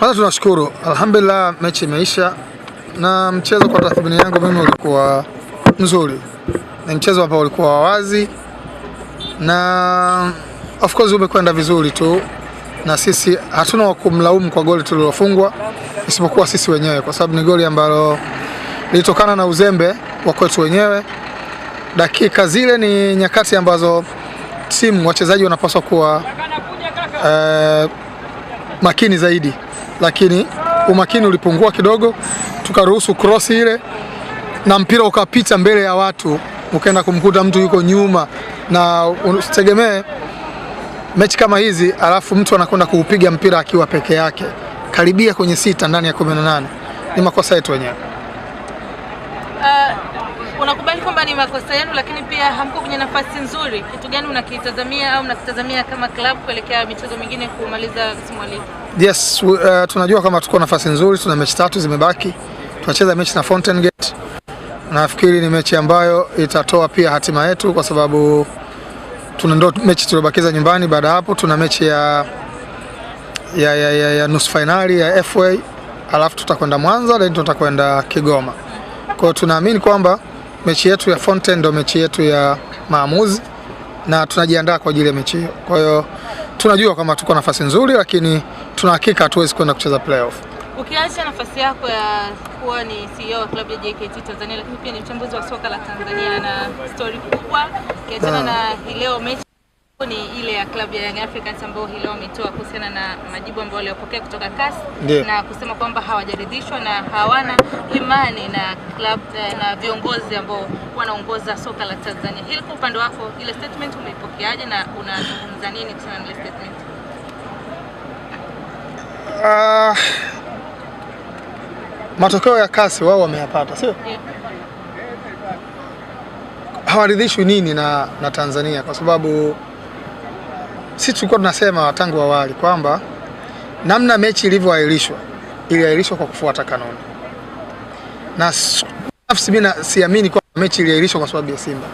Kwanza tunashukuru alhamdulillah, mechi imeisha na mchezo kwa tathmini yangu mimi ulikuwa mzuri, ni mchezo ambao ulikuwa wazi na of course umekwenda vizuri tu, na sisi hatuna wa kumlaumu kwa goli tulilofungwa isipokuwa sisi wenyewe, kwa sababu ni goli ambalo lilitokana na uzembe wa kwetu wenyewe. Dakika zile ni nyakati ambazo timu wachezaji wanapaswa kuwa eh, makini zaidi lakini umakini ulipungua kidogo, tukaruhusu cross ile na mpira ukapita mbele ya watu, ukaenda kumkuta mtu yuko nyuma, na usitegemee mechi kama hizi, alafu mtu anakwenda kuupiga mpira akiwa peke yake, karibia kwenye sita ndani ya 18 ni makosa yetu wenyewe. Uh, unakubali kwamba ni makosa yenu, lakini pia hamko kwenye nafasi nzuri. Kitu gani unakitazamia au mnakitazamia kama klabu kuelekea michezo mingine kumaliza msimu wa ligi? Yes, uh, tunajua kama tuko nafasi nzuri, tuna mechi tatu zimebaki, tunacheza mechi na Fountain Gate. Nafikiri ni mechi ambayo itatoa pia hatima yetu, kwa sababu tuna ndo mechi tuliobakiza nyumbani. Baada ya hapo tuna mechi ya, ya, ya, ya, ya nusu fainali ya FA, alafu tutakwenda Mwanza, then tutakwenda Kigoma. Kwa hiyo tunaamini kwamba mechi yetu ya Fountain ndo mechi yetu ya maamuzi na tunajiandaa kwa ajili ya mechi hiyo. Kwa hiyo tunajua kama tuko nafasi nzuri, lakini tuna hakika hatuwezi kwenda kucheza playoff. Ukiacha nafasi yako ya kuwa ni CEO wa klabu ya JKT Tanzania, lakini pia ni mchambuzi wa soka la Tanzania na story kubwa, ukiachana hmm. na hileo mechi ni ile ya klabu ya Young Africans ambayo hileo wametoa kuhusiana na majibu ambayo waliopokea kutoka CAS na kusema kwamba hawajaridhishwa na hawana imani na klabu eh, na viongozi ambao wanaongoza soka la Tanzania. Hili kwa upande wako, ile statement umeipokeaje na unazungumza nini kuhusiana na ile statement? Uh, matokeo ya kasi wao wameyapata, sio? Hawaridhishwi nini na, na Tanzania kwa sababu sisi tulikuwa tunasema tangu awali kwamba namna mechi ilivyoahirishwa iliahirishwa kwa kufuata kanuni, na nafsi mimi siamini kwa mechi iliahirishwa kwa sababu ya Simba,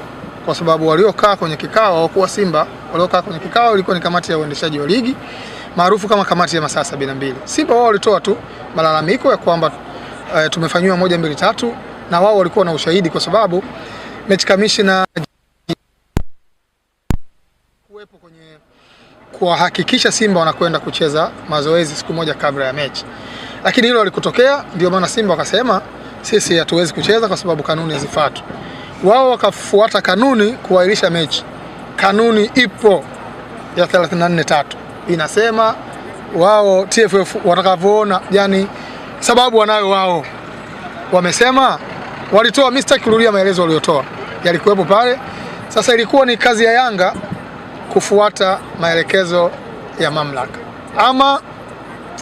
kwa sababu waliokaa kwenye kikao hawakuwa Simba waliokaa kwenye kikao ilikuwa ni kamati ya uendeshaji wa ligi maarufu kama kamati ya masaa mbili. Simba wao walitoa tu malalamiko ya kwamba uh, tumefanyiwa moja mbili tatu, na wao walikuwa na ushahidi kwa sababu match commissioner kuwepo kwenye kuwahakikisha Simba wanakwenda kucheza mazoezi siku moja kabla ya mechi, lakini hilo walikutokea. Ndio maana Simba wakasema sisi hatuwezi kucheza kwa sababu kanuni hazifuatwi. Wao wakafuata kanuni kuahirisha mechi kanuni ipo ya 34 inasema wao TFF watakavyoona, yani sababu wanayo wao, wamesema walitoa. Mimi kurudia maelezo waliotoa, yalikuwepo pale. Sasa ilikuwa ni kazi ya Yanga kufuata maelekezo ya mamlaka, ama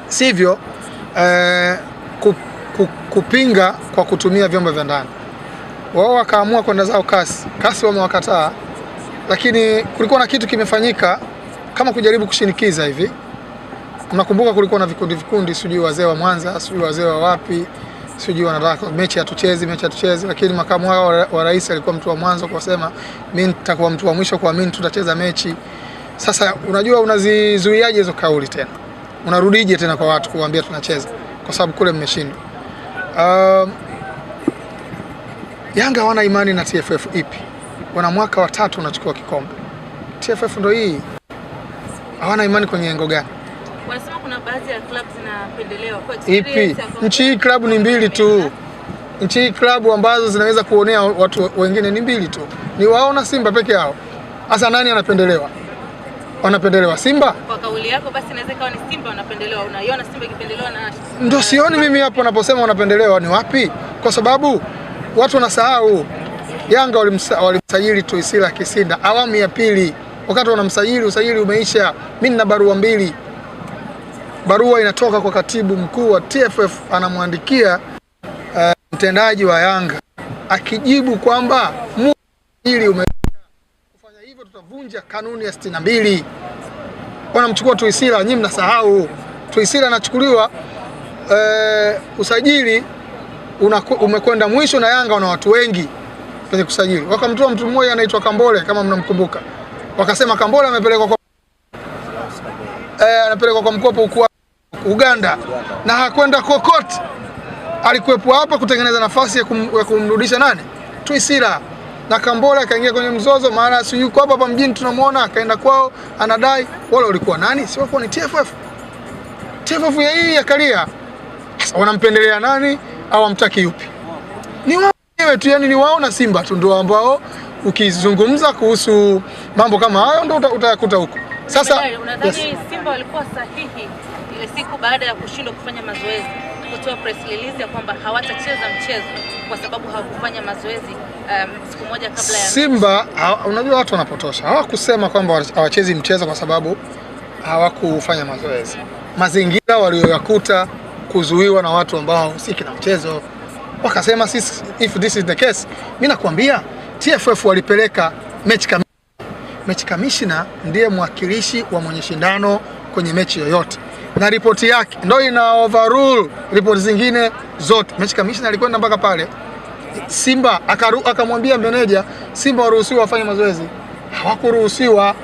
sivyo eh, kupinga kwa kutumia vyombo vya ndani. Wao wakaamua kwenda zao kasi kasi, wamewakataa lakini kulikuwa na kitu kimefanyika kama kujaribu kushinikiza hivi. Mnakumbuka kulikuwa na vikundi vikundi, sijui wazee wa Mwanza, sijui wazee wa wapi, sijui wanataka mechi hatuchezi, mechi hatuchezi, lakini makamu wao wa rais alikuwa mtu wa mwanzo kwa kusema mimi nitakuwa mtu wa mwisho kuamini tutacheza mechi. Sasa unajua unazizuiaje hizo kauli tena? Unarudije tena kwa watu kuambia tunacheza kwa sababu kule mmeshindwa. Um, Yanga hawana imani na TFF ipi? wana mwaka wa tatu unachukua kikombe. TFF ndo hii, hawana imani kwenye engo gani? Wanasema kuna baadhi ya klabu zinapendelewa kwa ipi? Nchi hii klabu ni mbili tu, nchi hii klabu ambazo zinaweza kuonea watu wengine ni mbili tu, ni wao na Simba peke yao. Hasa nani anapendelewa? Wanapendelewa Simba? Kwa kauli yako basi inaweza ikawa ni Simba wanapendelewa. Unaiona Simba ikipendelewa na Ndio sioni mimi hapo wanaposema wanapendelewa ni wapi? Kwa sababu watu wanasahau Yanga walimsajili Tuisila Kisinda awamu ya pili, wakati wanamsajili usajili umeisha. Mimi nina barua mbili, barua inatoka kwa katibu mkuu wa TFF anamwandikia uh, mtendaji wa Yanga akijibu kwamba ili ume kufanya hivyo tutavunja kanuni ya sitini na mbili. Wanamchukua Tuisila, nyinyi mnasahau Tuisila anachukuliwa uh, usajili umekwenda mwisho na Yanga wana watu wengi kwenye kusajili. Wakamtoa mtu mmoja anaitwa Kambole kama mnamkumbuka. Wakasema Kambole amepelekwa kwa eh, anapelekwa kwa mkopo huko Uganda na hakwenda kokote. Alikuwepo hapa kutengeneza nafasi ya, kum, ya kumrudisha nani? Twisira Na Kambole akaingia kwenye mzozo, maana si yuko hapa hapa mjini tunamuona, akaenda kwao anadai. Wale walikuwa nani? Si wako ni TFF. TFF ya hii ya kalia wanampendelea nani au amtaki yupi? Ni wa wenyewe tu, yani ni wao na Simba tu ndio ambao ukizungumza kuhusu mambo kama hayo ndio utayakuta huko. Sasa unadhani yes, Simba walikuwa sahihi ile siku baada ya kushindwa kufanya mazoezi kutoa press release ya kwamba hawatacheza mchezo kwa sababu hawakufanya mazoezi um, siku moja kabla ya Simba. ha, Unajua watu wanapotosha, hawakusema kwamba hawachezi mchezo kwa sababu hawakufanya mazoezi. Mazingira waliyoyakuta, kuzuiwa na watu ambao hawahusiki na mchezo wakasema sisi, if this is the case, mimi nakwambia TFF walipeleka mechi kamishna. Mechi kamishina ndiye mwakilishi wa mwenye shindano kwenye mechi yoyote, na ripoti yake ndio ina overrule ripoti zingine zote. Mechi kamishina alikwenda mpaka pale Simba akamwambia meneja, Simba waruhusiwa wafanye mazoezi, hawakuruhusiwa.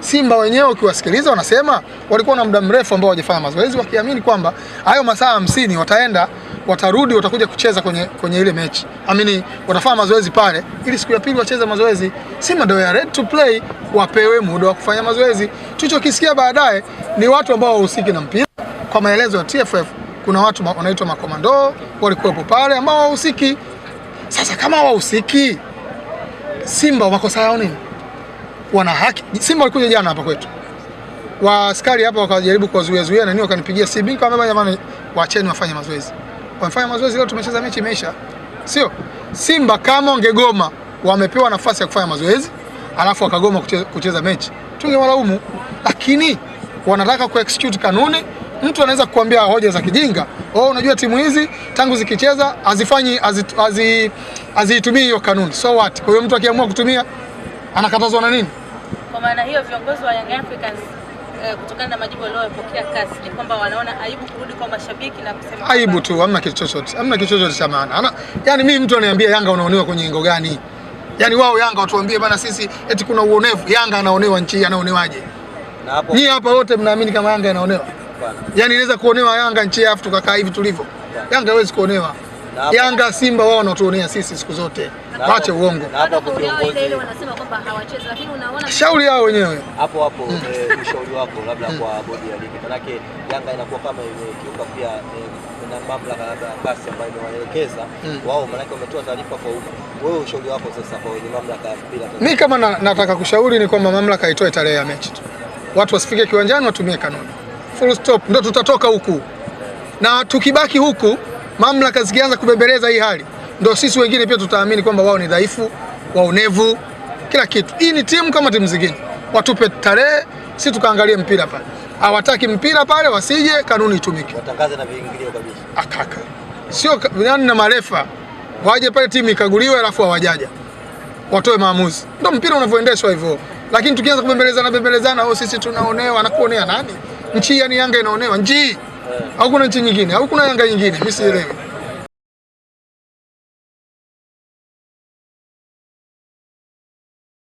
Simba wenyewe ukiwasikiliza wanasema walikuwa na muda mrefu ambao hawajafanya mazoezi, wakiamini kwamba hayo masaa hamsini wataenda watarudi watakuja kucheza kwenye, kwenye ile mechi amini, watafanya mazoezi pale, ili siku ya pili wacheze mazoezi. Simba ndio ya ready to play, wapewe muda wa kufanya mazoezi. Tulichokisikia baadaye ni watu ambao wahusiki na mpira, kwa maelezo ya TFF, kuna watu wanaitwa makomando walikuwepo pale ambao wahusiki. Sasa kama wahusiki, Simba makosa yao nini? Wana haki. Simba walikuja jana hapa kwetu waaskari hapa wakajaribu kuwazuiazuia na nini, wakanipigia simu kama jamani, waacheni wafanye mazoezi wamefanya mazoezi leo, tumecheza mechi imeisha, sio? Simba kama ungegoma, wamepewa nafasi ya kufanya mazoezi alafu wakagoma kucheza, kucheza mechi, tungewalaumu, lakini wanataka ku execute kanuni. Mtu anaweza kukuambia hoja za kijinga, oh, unajua timu hizi tangu zikicheza hazifanyi hazitumii hiyo kanuni, so what? Kwa hiyo mtu akiamua kutumia anakatazwa na nini? Kwa maana hiyo viongozi wa Young Africans Eh, kutokana na majibu waliyopokea CAS ni kwamba wanaona aibu kurudi kwa mashabiki na kusema aibu tu, hamna kitu chochote, hamna kitu chochote cha maana. Yani mimi mtu ananiambia Yanga unaonewa kwenye ingo gani? yani wao Yanga watuambie bana, sisi eti kuna uonevu, Yanga anaonewa, nchi hii anaonewaje? Na hapo nyie hapa wote mnaamini kama Yanga inaonewa? yani inaweza kuonewa Yanga nchi hii afu tukakaa hivi tulivyo? Yanga hawezi kuonewa. Yanga Simba wao wanatuonea sisi siku zote, wache uongo. Shauri yao wenyewe hapo hapo. Hmm. Eh, ushauri wako labda hmm. kwa bodi ya ligi, manake Yanga inakuwa kama imekiuka pia eh, na mamlaka labda kasi ambayo imewaelekeza hmm. wao, manake wametoa taarifa kwa umma. Wewe ushauri wako sasa kwa wenye mamlaka ya mpira? Mimi kama nataka kushauri ni kwamba mamlaka itoe tarehe ya mechi tu, watu wasifike kiwanjani, watumie kanuni, full stop, ndio tutatoka huku na tukibaki huku mamlaka zikianza kubembeleza hii hali, ndio sisi wengine pia tutaamini kwamba wao ni dhaifu, waonevu, kila kitu. Hii ni timu kama timu zingine, watupe tarehe, si tukaangalie mpira pale. Hawataki mpira pale, wasije, kanuni itumike, watangaze na viingilio kabisa. Akaka ah, sio nani na marefa waje pale, timu ikaguliwe, alafu hawajaja watoe maamuzi. Ndio mpira unavyoendeshwa hivyo, lakini tukianza kubembelezana bembelezana, oh, sisi tunaonewa. Anakuonea nani? Nchi yani Yanga inaonewa njii au kuna nchi nyingine au kuna Yanga nyingine, mimi sielewi.